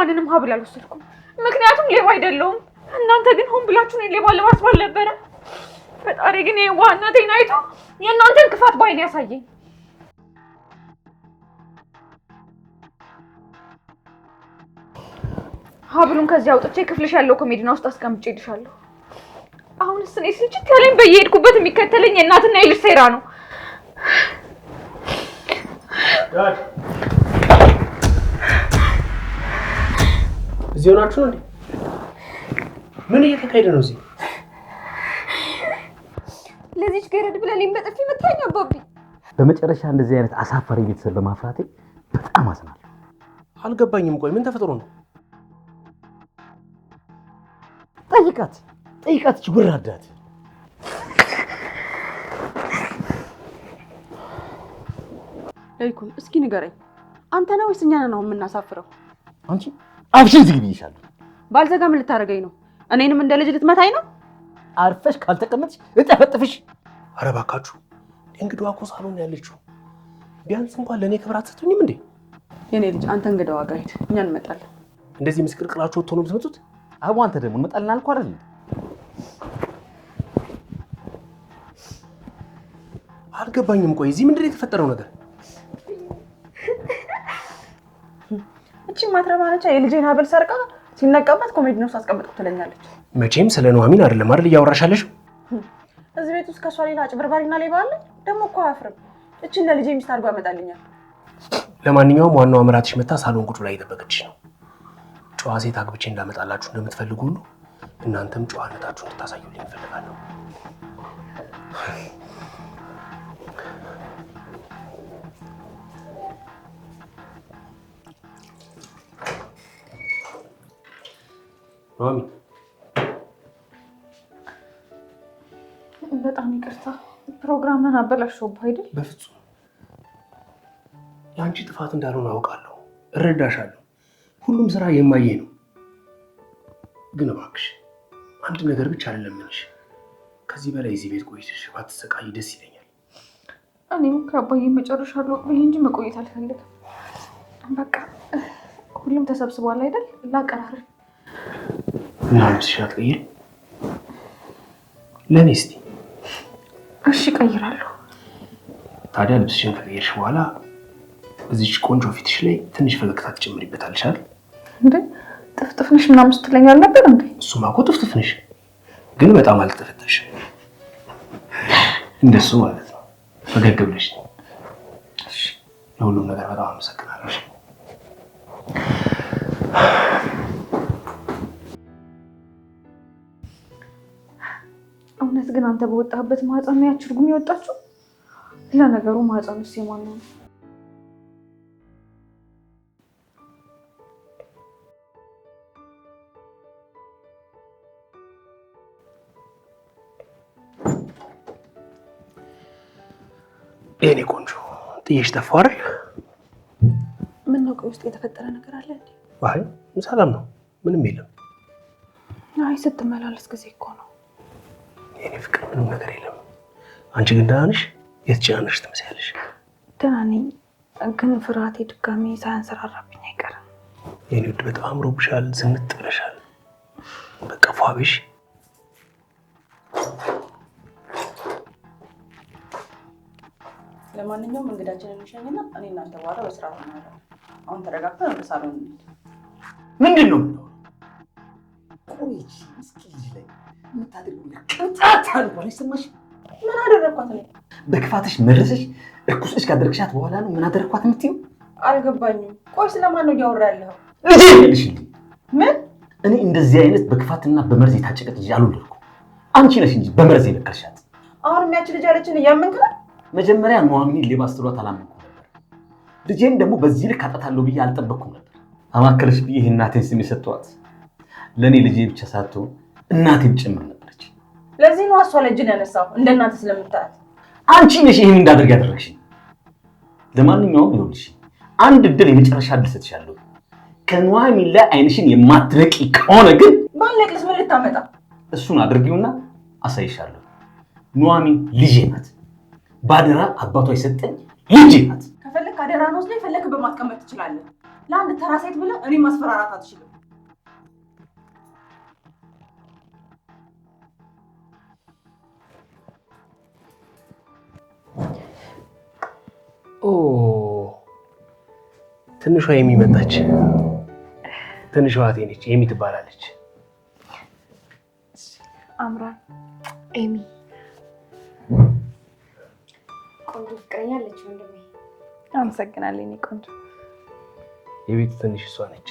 ማንንም ሀብል አልወሰድኩም፣ ምክንያቱም ሌባ አይደለውም። እናንተ ግን ሆን ብላችሁ እኔን ሌባ ለማስባል ነበረ። ፈጣሪ ግን የዋህነቴን አይቶ የእናንተን ክፋት ባይን ያሳየኝ። ሀብሉን ከዚህ አውጥቼ ክፍልሽ ያለው ኮሜዲና ውስጥ አስቀምጬ ይልሻለሁ። አሁንስ እኔ ስልችት ያለኝ በየሄድኩበት የሚከተለኝ የእናትና የልጅ ሴራ ነው። እዚህ ሆናችሁ ነው? ምን እየተካሄደ ነው እዚህ? ለዚች ገረድ ብለን እኔን በጥፊ መታኝ አባቢ። በመጨረሻ እንደዚህ አይነት አሳፋሪ ቤተሰብ በማፍራቴ በጣም አዝናለሁ። አልገባኝም። ቆይ ምን ተፈጥሮ ነው? ጠይቃት፣ ጠይቃት ጉራዳት ይኩን። እስኪ ንገረኝ፣ አንተ ነው ወይስ እኛን ነው የምናሳፍረው? አንቺ አፍሽን ዝግቢ ይሻላል። ባልዘጋ ምን ልታደርገኝ ነው? እኔንም እንደ ልጅ ልትመታኝ ነው? አርፈሽ ካልተቀመጥሽ እጠፈጥፍሽ። ኧረ እባካችሁ እንግዲዋ እኮ ሳሎን ያለችው ቢያንስ እንኳን ለእኔ ክብር አትሰጡኝም እንዴ? የኔ ልጅ አንተ እንግዳ ዋጋ ሂድ፣ እኛ እንመጣለን። እንደዚህ ምስቅልቅላችሁ ወጥቶ ነው የምትመጡት? አቡ አንተ ደግሞ እንመጣለን አልኩህ አይደል? አልገባኝም። ቆይ እዚህ ምንድን ነው የተፈጠረው ነገር? እቺ ማትረባ ነች። የልጄን ሀብል ሰርቃ ሲነቀበት ኮሜዲ ነው አስቀምጥኩ ትለኛለች። መቼም ስለ ኑሐሚን አይደለም አይደል እያወራሻለሽ? እዚህ ቤት ውስጥ ከሷ ሌላ አጭበርባሪና ሌባ አለ? ደግሞ እኮ አያፍርም። እችን ለልጄ ሚስት አድርጎ ያመጣልኛል። ለማንኛውም ዋናው አምራትሽ መታ ሳሎን ቁጭ ላይ የጠበቀችሽ ነው። ጨዋ ሴት አግብቼ እንዳመጣላችሁ እንደምትፈልጉ ሁሉ እናንተም ጨዋነታችሁ ልታሳዩልኝ እፈልጋለሁ። ማሚ በጣም ይቅርታ ፕሮግራምን አበላሽሁብህ አይደል? በፍጹም የአንቺ ጥፋት እንዳልሆነ አውቃለሁ፣ እረዳሻለሁ። ሁሉም ስራ የማየ ነው። ግን እባክሽ አንድ ነገር ብቻ አልለምንሽ። ከዚህ በላይ እዚህ ቤት ቆይተሽ ባትሰቃይ ደስ ይለኛል። እኔም ከአባዬ መጨረሻ አለው እንጂ መቆየት አልፈልግም። በቃ ሁሉም ተሰብስቧል አይደል? ላቀራርብ እና ልብስሽ አትቀይሪም? ለእኔ እስኪ እሺ፣ እቀይራለሁ። ታዲያ ልብስሽን ከቀየርሽ በኋላ እዚች ቆንጆ ፊትሽ ላይ ትንሽ ፈገግታ ትጨምሪበታለሽ አይደል? እንዴ ጥፍጥፍንሽ ምናምን ስትለኝ አልነበር እንዴ? እሱማ እኮ ጥፍጥፍንሽ፣ ግን በጣም እንደሱ ማለት ነው። ፈገግ ብለሽ ለሁሉም ነገር በጣም አመሰግናለሁ። እውነት ግን አንተ በወጣበት ማህፀን ነው ያች እርጉም የወጣችው? ለነገሩ ማህፀን ውስጥ የማን ነው? የኔ ቆንጆ ጥዬሽ ጠፋሁ አይደል? ምን ነው? ውስጥ የተፈጠረ ነገር አለ አይ ሰላም ነው፣ ምንም የለም። አይ ስትመላለስ ጊዜ የኔ ፍቅር ምንም ነገር የለም። አንቺ ግን ደህና ነሽ? የተጨናነሽ ትመስያለሽ። ደህና ነኝ፣ ግን ፍርሃቴ ድጋሜ ሳያንሰራራብኝ አይቀርም። የኔ ውድ በጣም ሮብሻል፣ ዝንጥ ብለሻል። በቃ ፏብሽ ለማንኛውም እንግዳችንን እንሸኝና እኔ እናንተ በኋላ በስራ እናወራለን። አሁን ተረጋግተን ወደ ሳሎን ምንድን ነው ቆይ እስኪ የምታደርገው ቅንጣት አልሆነ። ይሰማሽ? ምን አደረግኳት ነው? በክፋትሽ መረሰሽ እርኩስ ካደረግሻት በኋላ ነው ምን አደረግኳት የምትይው? አልገባኝም። ቆይ ስለማን ነው እያወራ ያለኸው? ልጅ ልሽ ምን? እኔ እንደዚህ አይነት በክፋትና በመርዝ የታጨቀች ልጅ አልወለድኩም። አንቺ ነሽ እንጂ በመርዝ የነከርሻት። አሁንም ያቺ ልጅ ያለችን እያመንክ ነው? መጀመሪያ ኑሐሚንን ሌባ አስጥሏት አላመንኩም ነበር። ልጄን ደግሞ በዚህ ልክ አጣታለሁ ብዬ አልጠበቅኩም ነበር። አማከረሽ ብዬ እናቴን ስም የሰጠኋት ለእኔ ልጄ ብቻ ሳትሆን እናቴም ጭምር ነበረች። ለዚህ ነው እሷ ለእጅን ያነሳው እንደ እናት ስለምታያት። አንቺ ነሽ ይህን እንዳደርግ ያደረግሽኝ። ለማንኛውም ይኸውልሽ አንድ እድል የመጨረሻ እድል ሰጥሻለሁ። ከኑሐሚን ላይ አይንሽን የማትለቂ ከሆነ ግን ባለቅስ ምን ልታመጣ? እሱን አድርጊውና አሳይሻለሁ። ኑሐሚን ልጄ ናት። ባደራ አባቷ የሰጠኝ ልጄ ናት። ከፈለክ አደራ ነው ስለፈለክ በማስቀመጥ ትችላለህ። ለአንድ ተራ ሴት ብለህ እኔ ማስፈራራት አትችልም። ኦ ትንሿ የሚመጣች ትንሿ አቴነች ነች። ኤሚ ትባላለች። አምራ ኤሚ ቆንጆ ፍቅረኛ ወንድሜ አመሰግናለሁ። እኔ ቆንጆ የቤቱ ትንሽ እሷ ነች።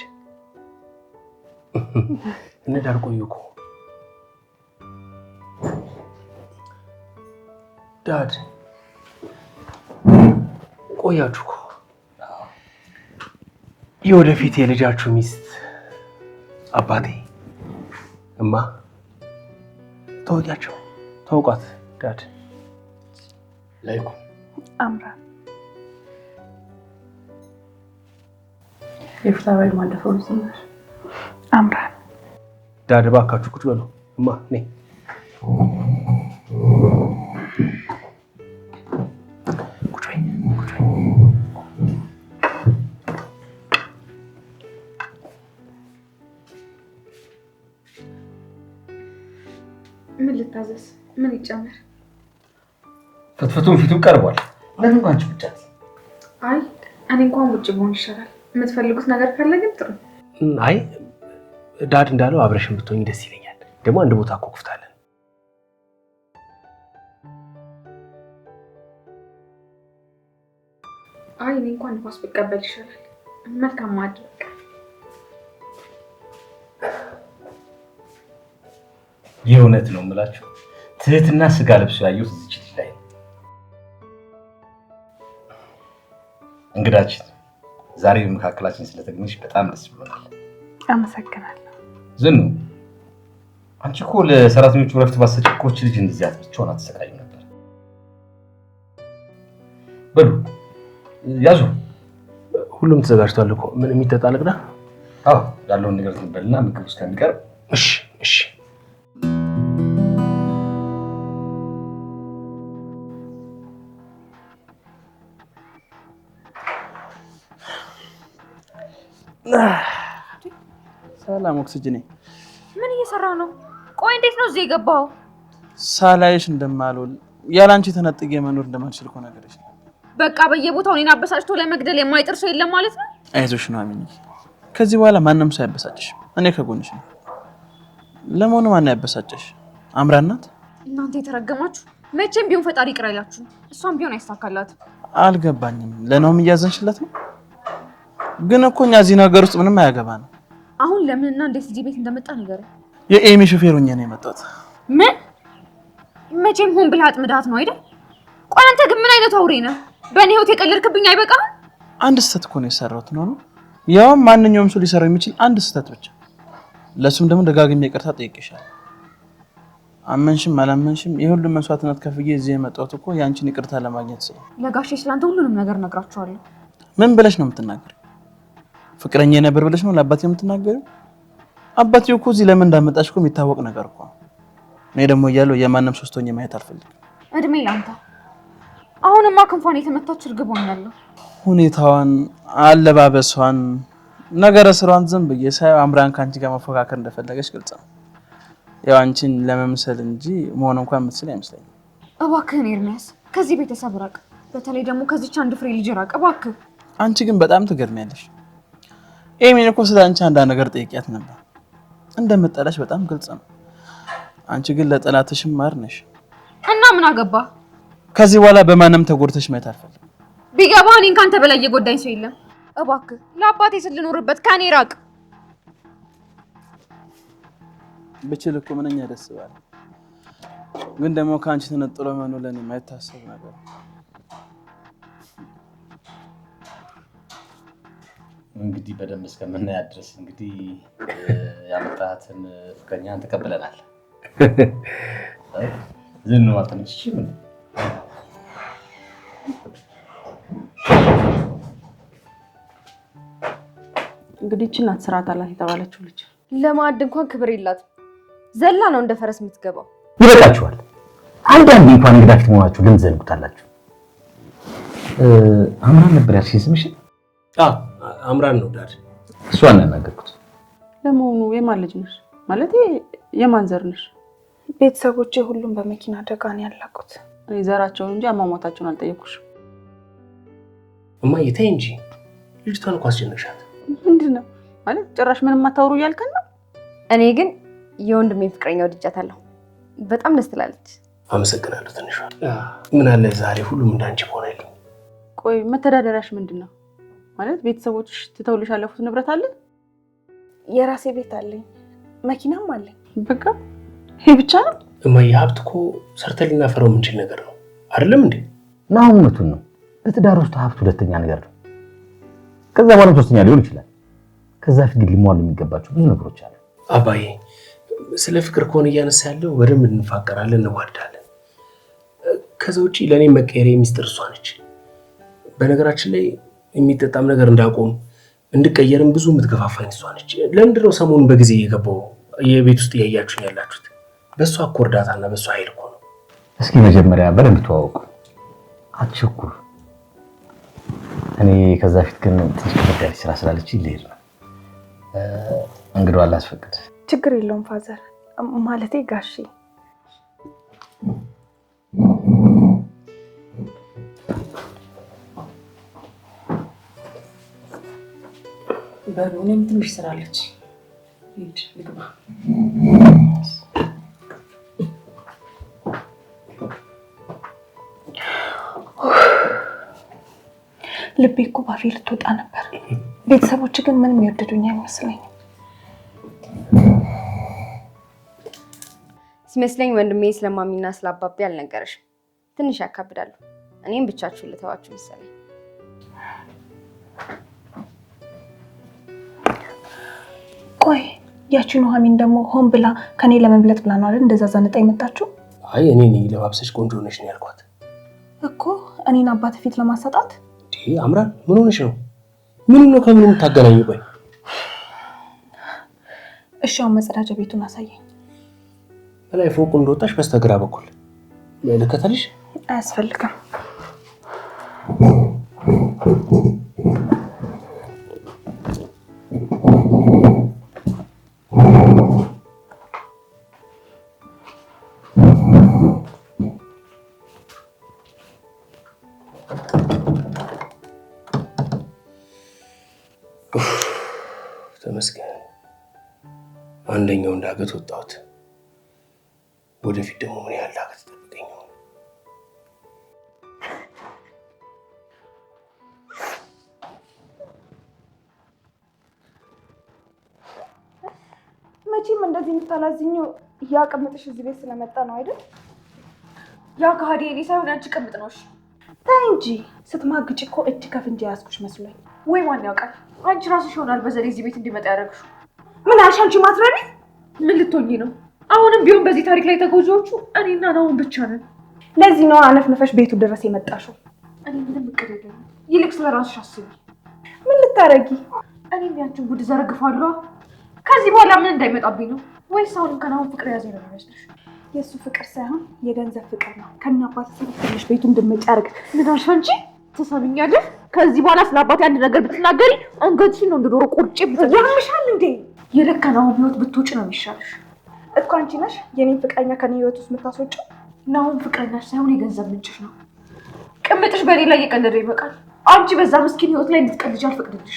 እንዳር ቆዩ እኮ ዳድ ቆያችሁ እኮ የወደፊት የልጃችሁ ሚስት አባቴ እማ ተወቂያቸው ተውቋት ዳድ ላይኩ አምራ የፍታባይ ማለፈው ዝምር አምራ ዳድ እባካችሁ ቁጭ በሉ እማ ነይ መታዘዝ ምን ይጨመር ፍትፍቱን ፊቱ ቀርቧል። ለምን እንኳን ብቻት? አይ እኔ እንኳን ውጭ ብሆን ይሻላል። የምትፈልጉት ነገር ካለ ግን ጥሩ። አይ ዳድ እንዳለው አብረሽን ብትሆኝ ደስ ይለኛል። ደግሞ አንድ ቦታ እኮ ክፍታለን። አይ እኔ እንኳን ንፋስ ብቀበል ይሻላል። መልካም ማድረግ የእውነት ነው የምላችሁ ትህትና ስጋ ለብሶ ያየሁት ዝችት ላይ እንግዳችን ዛሬ በመካከላችን ስለተገኘሽ በጣም ደስ ብሎናል። አመሰግናለሁ። ዝኑ አንቺ እኮ ለሰራተኞቹ ረፍት ኮች ልጅ እንደዚህ አትብቻውን አትሰቃዩ ነበር። በሉ ያዙ። ሁሉም ተዘጋጅቷል እኮ ምን የሚተጣልቅና ያለውን ነገር ትንበልና ምግብ እስከሚቀርብ እሺ ሰላም ኦክስጅኔ፣ ምን እየሰራ ነው? ቆይ እንዴት ነው እዚህ የገባው? ሳላይሽ እንደማልውል ያላንቺ ተነጥጌ መኖር እንደማልችል እኮ ነገርሽ። በቃ በየቦታው እኔን አበሳጭቶ ለመግደል የማይጥር ሰው የለም ማለት ነው። አይዞሽ ነው አሚኝ፣ ከዚህ በኋላ ማንም ሰው ያበሳጭሽ፣ እኔ ከጎንሽ ነው። ለመሆኑ ማን ያበሳጨሽ? አምራን ናት? እናንተ የተረገማችሁ መቼም ቢሆን ፈጣሪ ይቅር አይላችሁ። እሷም ቢሆን አይሳካላትም። አልገባኝም። ለነውም እያዘንሽለት ነው ግን እኮ እኛ እዚህ ነገር ውስጥ ምንም አያገባ ነው። አሁን ለምንና እንዴት እዚህ ቤት እንደመጣ ነገር የኤሚ ሹፌር ሆኜ ነው የመጣሁት። ምን? መቼም ሆን ብለህ አጥምዳት ነው አይደል? ቆይ አንተ ግን ምን አይነት አውሬ ነህ? በእኔ ህይወት የቀለድክብኝ አይበቃም? አንድ ስህተት እኮ ነው የሰራሁት ነው ነው ያውም ማንኛውም ሰው ሊሰራው የሚችል አንድ ስህተት ብቻ። ለሱም ደግሞ ደጋግሜ ይቅርታ ጠይቄሻለሁ። አመንሽም አላመንሽም የሁሉም መስዋዕትነት ከፍዬ እዚህ የመጣሁት እኮ የአንቺን ይቅርታ ለማግኘት ስለ ለጋሼ ስላንተ ሁሉንም ነገር ነግራቸዋለሁ። ምን ብለሽ ነው የምትናገር? ፍቅረኛ የነበር ብለሽ ነው ለአባቴ የምትናገሪው? አባቴው እኮ እዚህ ለምን እንዳመጣሽ እኮ የሚታወቅ ነገር እኮ። እኔ ደግሞ እያለሁ የማንም ሶስቶኝ ማየት አልፈልግም። እድሜ ላንተ። አሁንማ ክንፏን የተመታች እርግብ ሆኛለሁ። ሁኔታዋን፣ አለባበሷን፣ ነገረ ስሯን ዝም ብዬ ሳይ አምራን ከአንቺ ጋር መፎካከር እንደፈለገች ግልጽ ነው። ያው አንቺን ለመምሰል እንጂ መሆን እንኳን የምትችል አይመስለኝም። እባክህን ኤርሚያስ ከዚህ ቤተሰብ ራቅ፣ በተለይ ደግሞ ከዚች አንድ ፍሬ ልጅ ራቅ እባክህ። አንቺ ግን በጣም ትገርሚያለሽ። ኤሚን እኮ ስለ አንቺ አንዳንድ ነገር ጠይቂያት ነበር። እንደምጠላሽ በጣም ግልጽ ነው። አንቺ ግን ለጠላትሽ ማር ነሽ። እና ምን አገባ? ከዚህ በኋላ በማንም ተጎድተሽ ማየት አልፈልግም። ቢገባ እኔን ካንተ በላይ የጎዳኝ ሰው የለም። እባክህ ለአባቴ ስል ልኖርበት ከኔ ራቅ። ብችል እኮ ምንኛ ደስ ባለ። ግን ደግሞ ከአንቺ ተነጥሎ መኖር ለኔ የማይታሰብ ነገር እንግዲህ በደንብ እስከምናያት ድረስ እንግዲህ ያመጣትን ፍቅረኛ ተቀብለናል። ዝን ምን እንግዲህ ይህች ናት ስርዓት አላት የተባለችው ልጅ። ለማዕድ እንኳን ክብር ይላት ዘላ ነው እንደ ፈረስ የምትገባው። ይበቃችኋል። አንዳንዴ እንኳን እንግዳ ፊት መሆናችሁ ለምን ትዘንጉታላችሁ? አምራን ነበር ያልሽኝ ስምሽን አምራን ነው ዳድ። እሷን ነው ያናገርኩት። ለመሆኑ የማን ልጅ ነሽ? ማለት የማን ዘር ነሽ? ቤተሰቦቼ ሁሉም በመኪና አደጋ ነው ያለቁት። ዘራቸውን እንጂ አሟሟታቸውን አልጠየኩሽም። እማዬ ተይ እንጂ ልጅቷን እኮ አስጨነቅሻት። ምንድን ነው ማለት ጭራሽ ምንም አታውሩ እያልከን ነው? እኔ ግን የወንድሜን ፍቅረኛ ወድጃታለሁ። በጣም ደስ ትላለች። አመሰግናለሁ። ትንሿ ምን አለ ዛሬ ሁሉም እንዳንቺ በሆነልኝ። ቆይ መተዳደሪያሽ ምንድን ነው? ማለት ቤተሰቦች ትተውልሽ ያለፉት ንብረት አለ? የራሴ ቤት አለኝ፣ መኪናም አለኝ። በቃ ይሄ ብቻ ነው። እማዬ፣ ሀብት እኮ ሰርተን ልናፈረው የምንችል ነገር ነው አይደለም እንዴ? ና እውነቱን ነው። በትዳር ውስጥ ሀብት ሁለተኛ ነገር ነው። ከዛ በኋላም ሶስተኛ ሊሆን ይችላል። ከዛ ፊት ግን ሊሟሉ የሚገባቸው ብዙ ነገሮች አሉ። አባዬ፣ ስለ ፍቅር ከሆነ እያነሳ ያለው በደንብ እንፋቀራለን፣ እንዋዳለን። ከዛ ውጭ ለእኔ መቀየሬ ሚስጥር እሷ ነች። በነገራችን ላይ የሚጠጣም ነገር እንዳቆም እንድቀየርም ብዙ የምትገፋፋኝ እሷ ነች። ለምንድን ነው ሰሞኑን በጊዜ የገባው የቤት ውስጥ እያያችሁኝ ያላችሁት? በእሷ እኮ እርዳታና በእሷ ኃይል እኮ ነው። እስኪ መጀመሪያ በደንብ ተዋወቁ፣ አትቸኩር። እኔ ከዛ ፊት ግን ትንሽ ጉዳይ ስራ ስላለች ልሄድ ነው። እንግዶ አላስፈቅድ። ችግር የለውም ፋዘር፣ ማለቴ ጋሼ ነበር ነው። እኔም ትንሽ ስራ አለች። ልግባ ልቤ እኮ ባፌ ልትወጣ ነበር። ቤተሰቦች ግን ምንም የወደዱኝ አይመስለኝም። ሲመስለኝ ወንድሜ ስለማሚና ስለአባቤ አልነገረሽም። ትንሽ ያካብዳሉ። እኔም ብቻችሁ ልተዋችሁ መሰለኝ። ቆይ ያቺ ኑሐሚን ደግሞ ሆን ብላ ከኔ ለመብለጥ ብላ ነው አይደል እንደዛ ዘንጣ የመጣችው? አይ እኔ ነኝ ለባብሰሽ ቆንጆ ነሽ ነው ያልኳት እኮ እኔን አባት ፊት ለማሳጣት። እንዴ አምራን ምን ሆነሽ ነው? ምን ነው ከምን የምታገናኙ? ቆይ እሺ አሁን መጸዳጃ ቤቱን አሳየኝ። በላይ ፎቁ እንደወጣሽ በስተግራ በኩል ልከተልሽ። አያስፈልግም አንደኛው እንዳገት ወጣሁት። ወደፊት ደግሞ ምን ያህል ዳገት ጠብቀኝ። መቼም እንደዚህ የምታላዝኘው እያቀምጥሽ እዚህ ቤት ስለመጣ ነው አይደል? ያው ከሀዲ እኔ ሳይሆን አንቺ ቅምጥ ነውሽ። ተይ እንጂ ስትማግጭ እኮ እጅ ከፍንጅ ያዝኩሽ መስሎኝ። ወይ ማን ያውቃል? አንቺ ራስሽ ይሆናል በዘዴ እዚህ ቤት እንዲመጣ ያደረግሽው። ምን አልሽ አንቺ ማትረቢ? ምን ልትሆኚ ነው? አሁንም ቢሆን በዚህ ታሪክ ላይ ተጎጂዎቹ እኔና ናሆም ብቻ ነን። ለዚህ ነው አነፍነፈሽ ቤቱ ድረስ የመጣሽው። እኔ ምንም እቅድ የለኝም። ይልቅ ስለ ራስሽ አስቢ። ምን ልታረጊ? እኔም ያንቺን ጉድ ዘረግፋለሁ። ከዚህ በኋላ ምን እንዳይመጣብኝ ነው? ወይስ አሁንም ከናሆም ፍቅር የያዘ ነው የሚመስልሽ? የእሱ ፍቅር ሳይሆን የገንዘብ ፍቅር ነው። ከእነ አባት ሰብትሽ ቤቱ እንድመጫርግ ምን አልሽ አንቺ? ትሰምኛለሽ? ከዚህ በኋላ ስለ አባቴ አንድ ነገር ብትናገሪ አንገትሽን ነው እንደ ዶሮ ቁርጭ። ያምሻል እንዴ? የለከናው ህይወት ብትውጭ ነው የሚሻልሽ እኮ። አንቺ ነሽ የኔን ፍቅረኛ ከኔ ህይወት ውስጥ የምታስወጪው። ናሁን ፍቅረኛሽ ሳይሆን የገንዘብ ምንጭሽ ነው። ቅምጥሽ በሌላ እየቀለደ ይበቃል። አንቺ በዛ ምስኪን ህይወት ላይ እንድትቀልጅ አልፈቅድልሽ።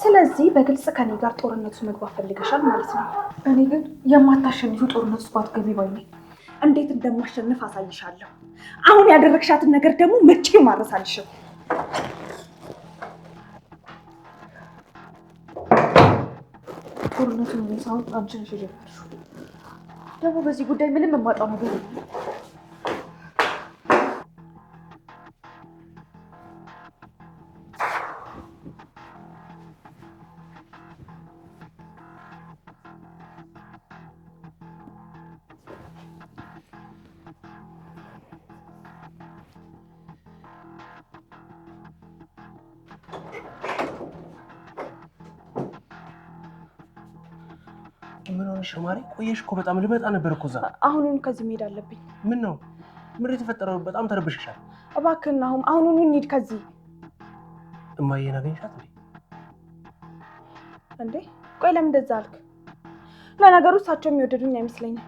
ስለዚህ በግልጽ ከኔ ጋር ጦርነቱ መግባት ፈልገሻል ማለት ነው። እኔ ግን የማታሸንፊው ጦርነት ውስጥ ባትገቢ ባይ እንዴት እንደማሸንፍ አሳይሻለሁ። አሁን ያደረግሻትን ነገር ደግሞ መቼም አረሳልሽም። ጦርነቱን ሳሁን አንቺ ነሽ የጀመርሽው። ደግሞ በዚህ ጉዳይ ምንም የማጣው ነገር ምን ሆነሽ ማሪ? ቆየሽ እኮ በጣም ልመጣ ነበር እኮ እዛ። አሁኑን ከዚህ መሄድ አለብኝ። ምን ነው ምን የተፈጠረው? በጣም ተረብሽሻል። እባክህን አሁን አሁኑን እንሂድ ከዚህ። እማዬን አገኝሻት እንዴ? ቆይ ለምን እንደዛ አልክ? ለነገሩ እሳቸው የሚወደዱኝ አይመስለኝም፣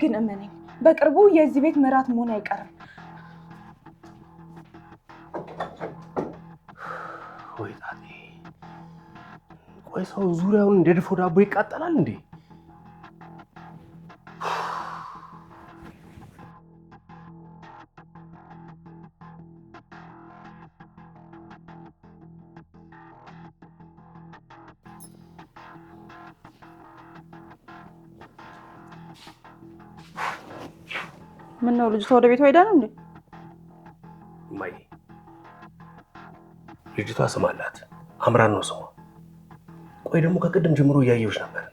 ግን እመነኝ በቅርቡ የዚህ ቤት ምራት መሆን አይቀርም። ወይ ጣጤ፣ ቆይ ሰው ዙሪያውን እንደ ድፎ ዳቦ ይቃጠላል እንዴ? ምን ነው ልጅቷ ወደ ቤቷ ሄዳ ነው እንዴ? ማይ ልጅቷ ስም አላት አምራን ነው ስሟ። ቆይ ደግሞ ከቅድም ጀምሮ እያየሁሽ ነበር።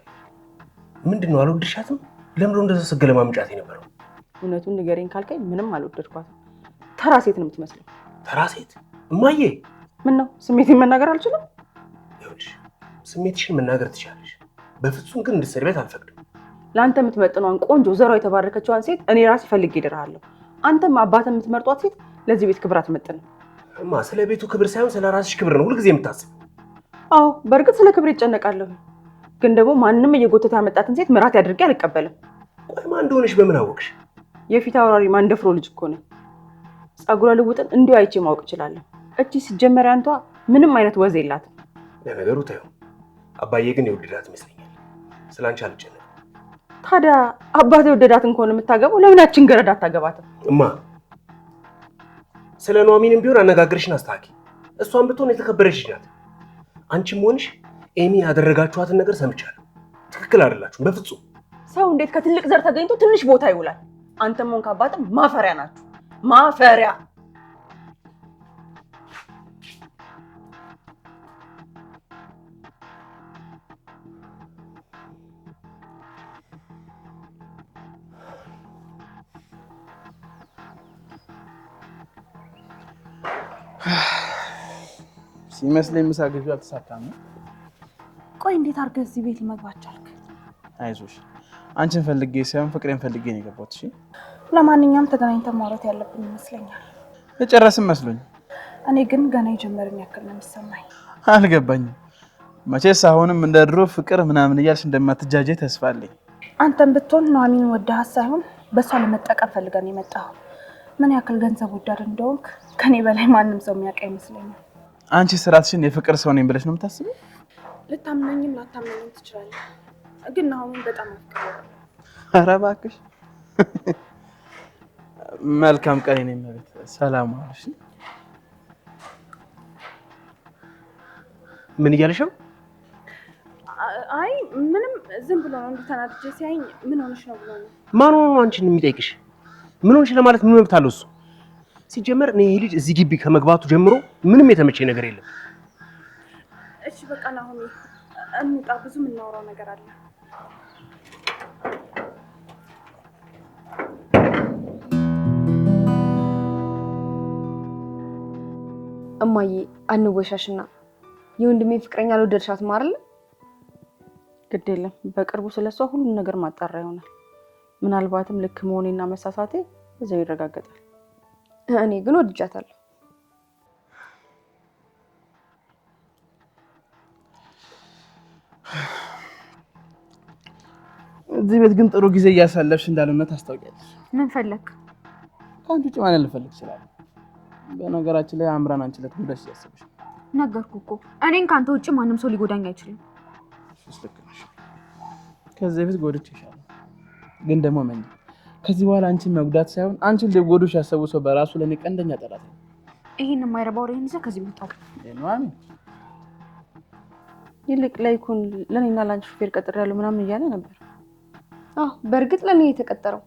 ምንድን ነው አልወደድሻትም? ለምንድን ነው እንደዛ ስትገለማ ምጫት የነበረው? እውነቱን ንገሬን ካልከኝ ምንም አልወደድኳትም። ተራ ሴት ነው የምትመስለው። ተራ ሴት እማዬ። ምን ነው ስሜቴን መናገር አልችልም? ይኸውልሽ ስሜትሽን መናገር ትችላለሽ። በፍጹም ግን እንድትሰድቢያት አልፈቅድም። ለአንተ የምትመጥነዋን ቆንጆ ዘሯ የተባረከችዋን ሴት እኔ ራሴ ፈልጌ እድርሃለሁ። አንተም አባት የምትመርጧት ሴት ለዚህ ቤት ክብር አትመጥንም። እማ ስለ ቤቱ ክብር ሳይሆን ስለ ራስሽ ክብር ነው ሁልጊዜ የምታስብ። አዎ በእርግጥ ስለ ክብር ይጨነቃለሁ፣ ግን ደግሞ ማንም እየጎተተ ያመጣትን ሴት ምራት ያድርጌ አልቀበልም። ቆይ ማን እንደሆነሽ በምን አወቅሽ? የፊት አውራሪ ማንደፍሮ ልጅ እኮ ነው። ጸጉረ ልውጥን እንዲሁ አይቼ ማወቅ እችላለሁ። እቺ ሲጀመር ያንቷ ምንም አይነት ወዝ የላትም። ለነገሩ ተይው፣ አባዬ ግን የወደዳት ይመስለኛል። ስለ አንቺ ታዲያ አባት የወደዳትን ከሆነ የምታገባው ለምን ያችን ገረድ አታገባትም? እማ ስለ ኑሐሚንም ቢሆን አነጋገርሽን አስተካኪ። እሷን ብትሆን የተከበረች ናት። አንቺም ሆንሽ ኤሚ ያደረጋችኋትን ነገር ሰምቻለሁ። ትክክል አይደላችሁም በፍጹም። ሰው እንዴት ከትልቅ ዘር ተገኝቶ ትንሽ ቦታ ይውላል? አንተም ሆንክ አባትም ማፈሪያ ናችሁ፣ ማፈሪያ ይመስለኝ ምሳ ግዢው አልተሳካም። ቆይ እንዴት አድርገህ እዚህ ቤት መግባት ቻልክ? አይዞሽ፣ አንቺን ፈልጌ ሳይሆን ፍቅሬን ፈልጌ ነው የገባሁት። እሺ፣ ለማንኛውም ተገናኝተን ማውራት ያለብን ይመስለኛል። የጨረስን መስሎኝ፣ እኔ ግን ገና የጀመርን ያክል ነው የሚሰማኝ። አልገባኝም። መቼስ አሁንም እንደ ድሮ ፍቅር ምናምን እያልሽ እንደማትጃጀ ተስፋ አለኝ። አንተን ብትሆን ኑሐሚንን ወደሃት ሳይሆን በእሷ ለመጠቀም ፈልገን የመጣኸው ምን ያክል ገንዘብ ወዳድ እንደሆንክ ከኔ በላይ ማንም ሰው የሚያውቅ ይመስለኛል። አንቺ ስራትሽን የፍቅር ሰው ነኝ ብለሽ ነው የምታስበው? ልታምነኝም ላታምነኝም ትችላለህ፣ ግን አሁን በጣም አፍቅሬዋለሁ። ኧረ እባክሽ መልካም ቀን ነኝ ማለት ሰላም ዋልሽ። ምን እያለሽ ነው? አይ ምንም ዝም ብሎ ነው ተናድጄ ሲያይኝ ምን ሆነሽ ነው ብሎ ነው። ማን ሆኖ አንቺን የሚጠይቅሽ? ምን ሆነሽ ለማለት ምን መብት አለው እሱ? ሲጀመር እኔ ይሄ ልጅ እዚህ ግቢ ከመግባቱ ጀምሮ ምንም የተመቼ ነገር የለም። እሺ በቃ ናሆም እንውጣ፣ ብዙ የምናወራው ነገር አለ። እማዬ አንወሻሽና የወንድሜ ፍቅረኛ አልወደድሻትም ማርል። ግድ የለም በቅርቡ ስለሷ ሁሉም ነገር ማጣራ ይሆናል። ምናልባትም ልክ መሆኔና መሳሳቴ እዚያው ይረጋገጣል። እኔ ግን ወድጃታለሁ። እዚህ ቤት ግን ጥሩ ጊዜ እያሳለፍሽ እንዳልሆነ ታስታውቂያለሽ። ምን ፈለግ ከአንቺ ውጭ ማን ልፈልግ ይችላል? በነገራችን ላይ አምራን አንቺ ልትጎዳሽ እያሰብሽ ነገርኩ እኮ እኔን ከአንተ ውጭ ማንም ሰው ሊጎዳኝ አይችልም። ልክ ከዚህ ቤት ጎድቼሻለሁ፣ ግን ደግሞ መኝ ከዚህ በኋላ አንቺን መጉዳት ሳይሆን አንቺን ሊጎዱሽ ያሰቡ ሰው በራሱ ለእኔ ቀንደኛ ጠላት ነው። ይህን የማይረባ ወሬን ይዘህ ከዚህ መጣሁ። ይልቅ ላይኩን ለእኔና ለአንቺ ሹፌር ቀጥሬያለሁ ምናምን እያለ ነበር። አዎ በእርግጥ ለእኔ የተቀጠረው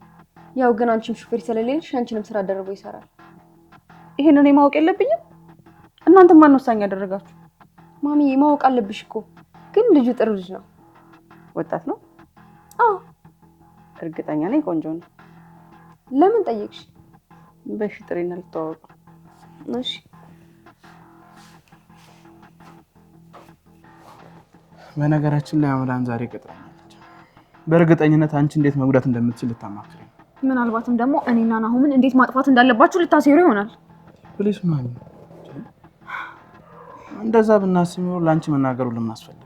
ያው ግን አንቺም ሹፌር ስለሌለሽ አንቺንም ስራ ደርቦ ይሰራል። ይሄን እኔ ማወቅ የለብኝም? እናንተ ማን ወሳኝ ያደረጋችሁ? ማሚ ማወቅ አለብሽ እኮ። ግን ልጁ ጥሩ ልጅ ነው፣ ወጣት ነው። አዎ እርግጠኛ ነኝ ቆንጆ ነው። ለምን ጠየቅሽ? በሽ ልተዋወቅ። እሺ በነገራችን ላይ አምላን ዛሬ ቀጥረናለች። በእርግጠኝነት አንቺ እንዴት መጉዳት እንደምትችል ልታማክሪ፣ ምናልባትም ደግሞ እኔና ናሁምን እንዴት ማጥፋት እንዳለባችሁ ልታሴሩ ይሆናል። ፕሊስ ማሚ፣ እንደዛ ብናስብ ለአንቺ መናገሩ ለምን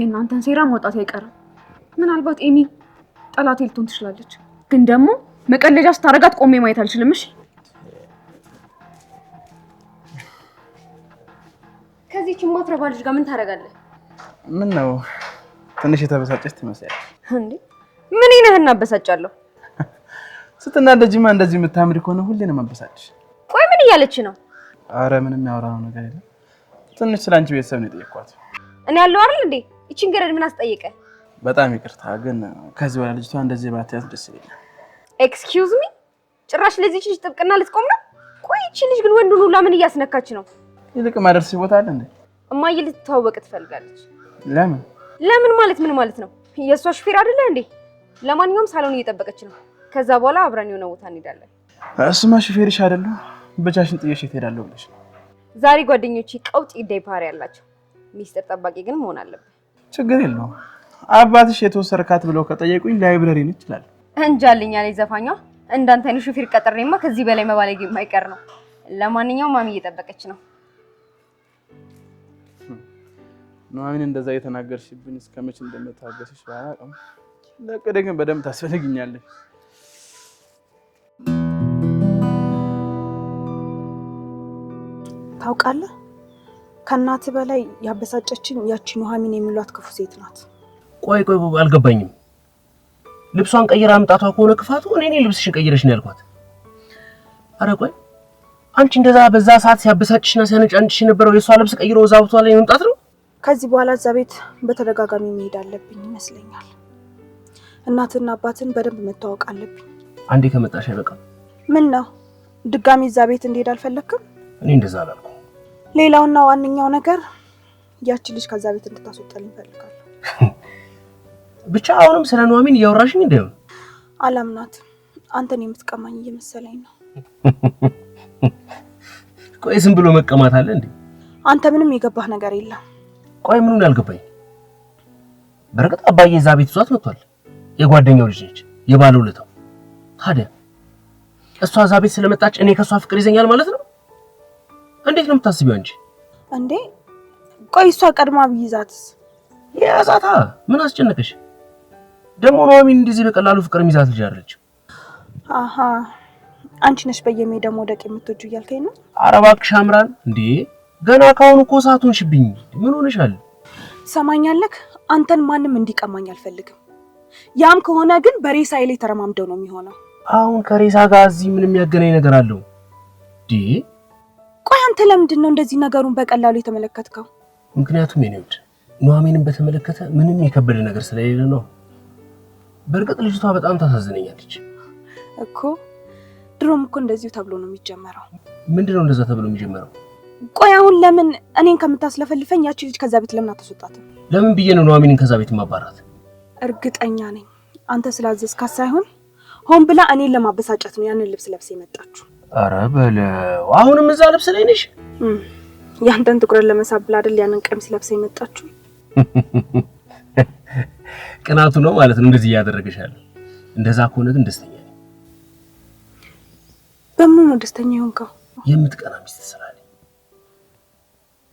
የእናንተን ሴራ መውጣት አይቀርም። ምናልባት ኤሚ ጠላቴ ልትሆን ትችላለች፣ ግን ደግሞ መቀለጃ ስታረጋት ቆሜ ማየት አልችልም። እሺ ከዚህች ማትረባ ልጅ ጋር ምን ታደርጋለህ? ምን ነው ትንሽ የተበሳጨች ትመስያለሽ። እንዴ ምን ይነህ እናበሳጫለሁ? ስትናደጂማ እንደዚህ የምታምሪ ከሆነ ሁሌ ነው የማበሳጭሽ። ቆይ ምን እያለች ነው? አረ ምንም ያወራው ነገር የለም። ትንሽ ስለ አንቺ ቤተሰብ ነው የጠየኳት። እኔ ያለው አይደል እንዴ? ይቺን ገረድ ምን አስጠየቀ? በጣም ይቅርታ ግን ከዚህ በኋላ ልጅቷ እንደዚህ ባትያት ደስ ይለኛል። ኤክስኪውዝ ሚ ጭራሽ ለዚች ልጅ ጥብቅና ልትቆም ነው? ቆይ ይቺ ልጅ ግን ወንዱን ሁላ ምን እያስነካች ነው? ይልቅ ማደርስ ቦታ አለ እንዴ? እማዬ ልትተዋወቅ ትፈልጋለች። ለምን ለምን ማለት ምን ማለት ነው? የእሷ ሹፌር አይደለ እንዴ? ለማንኛውም ሳሎን እየጠበቀች ነው። ከዛ በኋላ አብረን የሆነ ቦታ እንሄዳለን። እሱማ ሹፌርሽ አይደለ? ብቻሽን ጥየሽ ትሄዳለሁ ብለሽ ዛሬ ጓደኞች ቀውጥ ዳይ ባህሪ ያላቸው፣ ሚስጥር ጠባቂ ግን መሆን አለብን። ችግር የለውም አባትሽ የተወሰድካት ብለው ከጠየቁኝ ላይብረሪ ነው ይችላል እንጃልኛ ላይ ዘፋኛ እንዳንተ አይነት ሹፌር ቀጥሬማ ከዚህ በላይ መባለግ የማይቀር ነው። ለማንኛውም ማሚ እየጠበቀች ነው። ማሚን እንደዛ እየተናገርሽብኝ እስከ መቼ እንደምታገስሽ ለቀደ ግን በደንብ ታስፈልግኛለሽ። ታውቃለህ ከእናት በላይ ያበሳጨችኝ ያቺን ኑሐሚን የሚሏት ክፉ ሴት ናት። ቆይ ቆይ አልገባኝም ልብሷን ቀይራ አምጣቷ ከሆነ ክፋቱ እኔ ነኝ። ልብስሽን ቀይረሽ ነው ያልኳት። አረ ቆይ አንቺ እንደዛ በዛ ሰዓት ሲያበሳጭሽና ሲያነጫንጭሽ የነበረው የእሷ ልብስ ቀይሮ እዛ ላይ መምጣት ነው። ከዚህ በኋላ እዛ ቤት በተደጋጋሚ መሄድ አለብኝ ይመስለኛል። እናትና አባትን በደንብ መታወቅ አለብኝ። አንዴ ከመጣሽ አይበቃም። ምን ነው ድጋሚ እዛ ቤት እንድሄድ አልፈለግክም? እኔ እንደዛ አላልኩ። ሌላውና ዋነኛው ነገር ያቺ ልጅ ከዛ ቤት እንድታስወጣልኝ እፈልጋለሁ። ብቻ አሁንም ስለ ኑሐሚን እያወራሽኝ እንዴ? አላምናት። አንተን የምትቀማኝ እየመሰለኝ ነው። ቆይ ዝም ብሎ መቀማት አለ እንዴ? አንተ ምንም የገባህ ነገር የለም። ቆይ ምኑን ያልገባኝ? በእርግጥ አባዬ እዛ ቤት ይዟት መጥቷል። የጓደኛው ልጅ ነች፣ የባለ ውለታው። ታዲያ እሷ እዛ ቤት ስለመጣች እኔ ከእሷ ፍቅር ይዘኛል ማለት ነው? እንዴት ነው የምታስቢው አንቺ? እንዴ ቆይ እሷ ቀድማ ብይዛትስ? የያዛታ ምን አስጨነቀሽ? ደግሞ ኑሐሚን እንደዚህ በቀላሉ ፍቅር የሚይዛት ልጅ አይደለች። አሀ አንቺ ነሽ በየሜዳ መውደቅ የምትወጁ እያልከኝ ነው? ኧረ እባክሽ አምራን፣ እንዴ ገና ካሁኑ እኮ ሳቱን ሽብኝ። ምን ሆነሻል? ሰማኛለክ፣ አንተን ማንም እንዲቀማኝ አልፈልግም። ያም ከሆነ ግን በሬሳ ላይ ተረማምደው ነው የሚሆነው። አሁን ከሬሳ ጋር እዚህ ምን የሚያገናኝ ነገር አለው? ዲ ቆይ አንተ ለምንድን ነው እንደዚህ ነገሩን በቀላሉ የተመለከትከው? ምክንያቱም የኔ ውድ ኑሐሚንን በተመለከተ ምንም የከበደ ነገር ስለሌለ ነው። በእርግጥ ልጅቷ በጣም ታሳዝነኛለች እኮ። ድሮም እኮ እንደዚሁ ተብሎ ነው የሚጀመረው። ምንድን ነው እንደዛ ተብሎ የሚጀመረው? ቆይ አሁን ለምን እኔን ከምታስለፈልፈኝ ያቺ ልጅ ከዛ ቤት ለምን አታስወጣትም? ለምን ብዬ ነው ኑሐሚንን ከዛ ቤት ማባራት? እርግጠኛ ነኝ አንተ ስላዘዝካት ሳይሆን ሆን ብላ እኔን ለማበሳጨት ነው ያንን ልብስ ለብሰ የመጣችሁ። አረ በለው አሁንም እዛ ልብስ ላይ ነሽ። ያንተን ትኩረት ለመሳብ ብላ አይደል ያንን ቀሚስ ለብሰ የመጣችሁ። ቅናቱ ነው ማለት ነው እንደዚህ እያደረገሻል። እንደዛ ከሆነ ግን ደስተኛ ነኝ። በምን ነው ደስተኛ የሆንከው? የምትቀና ሚስት ስላለኝ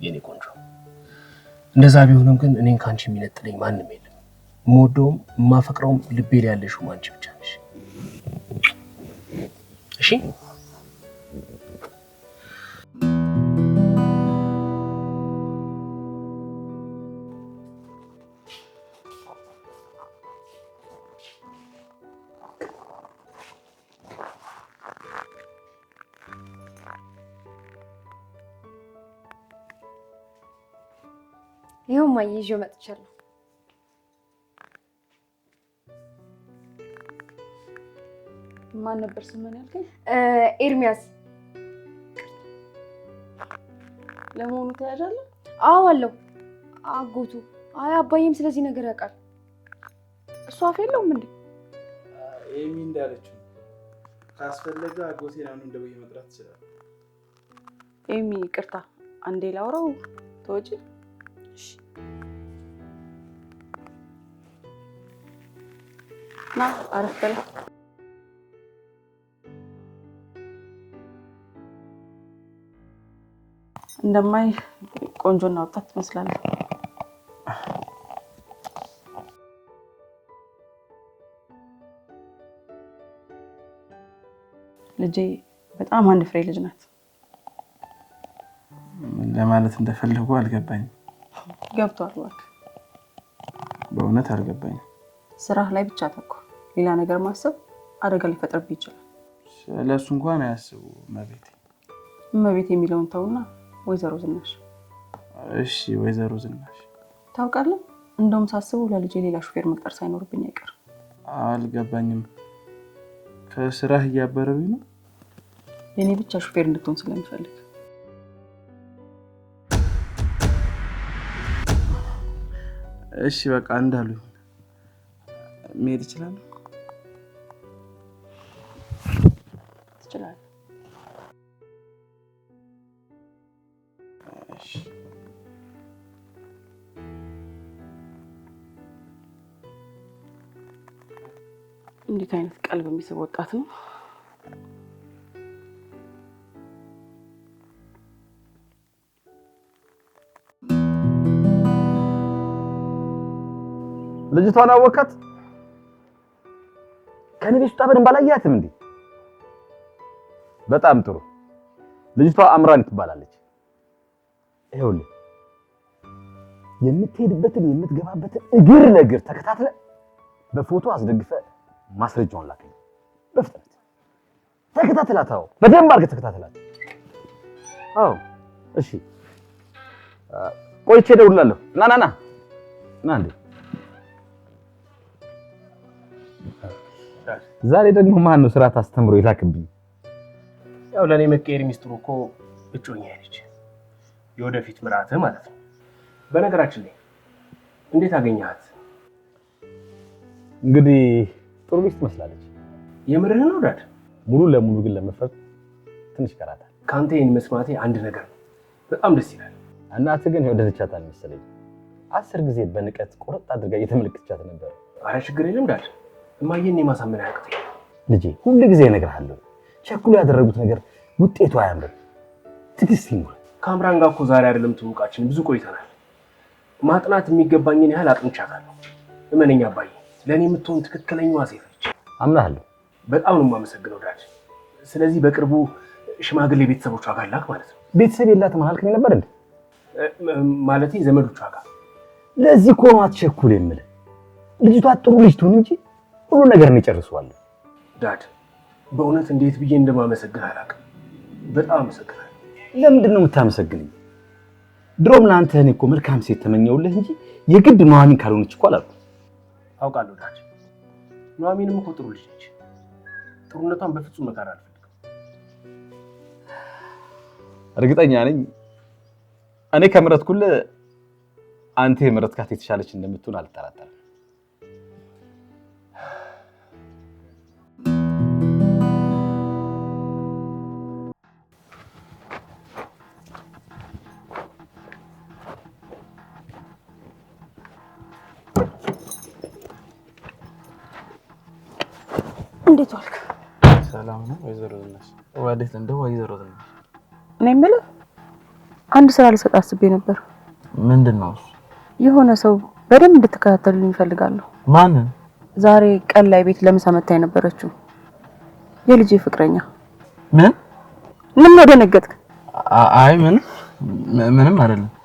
የኔ ቆንጆ። እንደዛ ቢሆንም ግን እኔን ከአንቺ የሚነጥለኝ ማንም የለም። የምወደውም የማፈቅረውም ልቤ ላይ ያለሽው አንቺ ብቻ ነሽ። እሺ እማዬ ይዤው መጥቻለሁ። ማን ነበር ስምን ያልከኝ? Uh, ኤርሚያስ። ለመሆኑ ተያዣለሁ? አዎ አለው አጎቱ። አይ አባዬም ስለዚህ ነገር ያውቃል። እሱ አፍ የለውም እንዴ? ኤሚ እንዳለችው ካስፈለገ አጎቴ ናኑ እንደብዬ መጥራት ይችላል። ኤሚ ይቅርታ፣ አንዴ ላውራው ተወጪ ና አረፍ በላ። እንደማይ ቆንጆና ወጣት ትመስላለህ። ልጄ በጣም አንድ ፍሬ ልጅ ናት። ለማለት እንደፈለጉ አልገባኝም። ገብቷል። እባክህ በእውነት አልገባኝም። ስራህ ላይ ብቻ ተኮር። ሌላ ነገር ማሰብ አደጋ ሊፈጥርብ ይችላል። ስለሱ እንኳን አያስቡ። እመቤቴ እመቤቴ የሚለውን ተውና ወይዘሮ ዝናሽ። እሺ ወይዘሮ ዝናሽ። ታውቃለህ፣ እንደውም ሳስበው ለልጄ ሌላ ሹፌር መቅጠር ሳይኖርብኝ አይቀር። አልገባኝም። ከስራህ እያበረብኝ ነው። የእኔ ብቻ ሹፌር እንድትሆን ስለሚፈልግ እሺ በቃ እንዳሉ መሄድ ይችላል። እንዴት አይነት ቀልብ የሚስብ ወጣት ነው። ልጅቷን አወካት። ከኔ ቤት ውጣ በደንብ አላያትም እንዴ? በጣም ጥሩ። ልጅቷ አምራን ትባላለች። ይኸውልህ የምትሄድበትን የምትገባበትን እግር ለእግር ተከታትለ በፎቶ አስደግፈ ማስረጃውን ላከኝ በፍጥነት። ተከታተላት። አዎ በደንብ አድርገህ ተከታተላት። አዎ እሺ፣ ቆይቼ እደውልላለሁ። ና ና ና ና እንዴ ዛሬ ደግሞ ማን ነው ስርዓት አስተምሮ ይላክብኝ? ያው ለእኔ መቀየር ሚስጥሩ እኮ እጮኛ ያለች የወደፊት ምራትህ ማለት ነው። በነገራችን ላይ እንዴት አገኘሃት? እንግዲህ ጥሩ ሚስት ትመስላለች። ነው ዳድ? ሙሉ ለሙሉ ግን ለመፍረጥ ትንሽ ይቀራታል። ከአንተ ይህን መስማቴ አንድ ነገር ነው፣ በጣም ደስ ይላል። እናትህ ግን የወደደቻታል መሰለኝ። አስር ጊዜ በንቀት ቁርጥ አድርጋ እየተመለከተቻት ነበር። አረ ችግር የለም ዳድ እማዬን የማሳመን ያቅት ልጄ፣ ሁል ጊዜ እነግርሃለሁ፣ ቸኩሎ ያደረጉት ነገር ውጤቱ አያምርም። ትግስት ይኑር። ከአምራን ጋር እኮ ዛሬ አይደለም ትውቃችን፣ ብዙ ቆይተናል። ማጥናት የሚገባኝን ያህል አጥንቻታለሁ። እመነኝ አባዬ፣ ለእኔ የምትሆን ትክክለኛዋ ሴት ነች። አምናለሁ። በጣም ነው የማመሰግነው ዳድ። ስለዚህ በቅርቡ ሽማግሌ ቤተሰቦቿ ጋር ላክ ማለት ነው። ቤተሰብ የላትም አልክኝ ነበር እንዴ? ማለቴ ዘመዶቿ ጋር። ለዚህ እኮ ነው አትቸኩል የምልህ። ልጅቷ ጥሩ ልጅ ትሁን እንጂ ሁሉ ነገር እንጨርሰዋለን። ዳድ በእውነት እንዴት ብዬ እንደማመሰግን አላውቅም። በጣም አመሰግናለሁ። ለምንድን ነው የምታመሰግንኝ? ድሮም ለአንተ እኔ እኮ መልካም ሴት ተመኘውልህ እንጂ የግድ ኑሐሚን ካልሆነች እኮ አላልኩም። አውቃለሁ ዳድ፣ ኑሐሚንም እኮ ጥሩ ልጅ ነች። ጥሩነቷን በፍጹም መካር አልፈልግም። እርግጠኛ ነኝ እኔ ከምረትኩልህ አንተ የምረትካት የተሻለች እንደምትሆን አልጠራጠርም። እንዴት ዋልክ? ሰላም ነው ወይዘሮ ዝናሽ? ወዴት እንደው ወይዘሮ ዝናሽ፣ እኔ የምልህ አንድ ስራ ልሰጥ አስቤ ነበር። ምንድን ነው እሱ? የሆነ ሰው በደንብ እንድትከታተሉኝ ይፈልጋለሁ። ማንን? ዛሬ ቀን ላይ ቤት ለምሳ መታ የነበረችው የልጅ ፍቅረኛ። ምን ምን ነው ደነገጥክ? አይ ምንም አይደለም።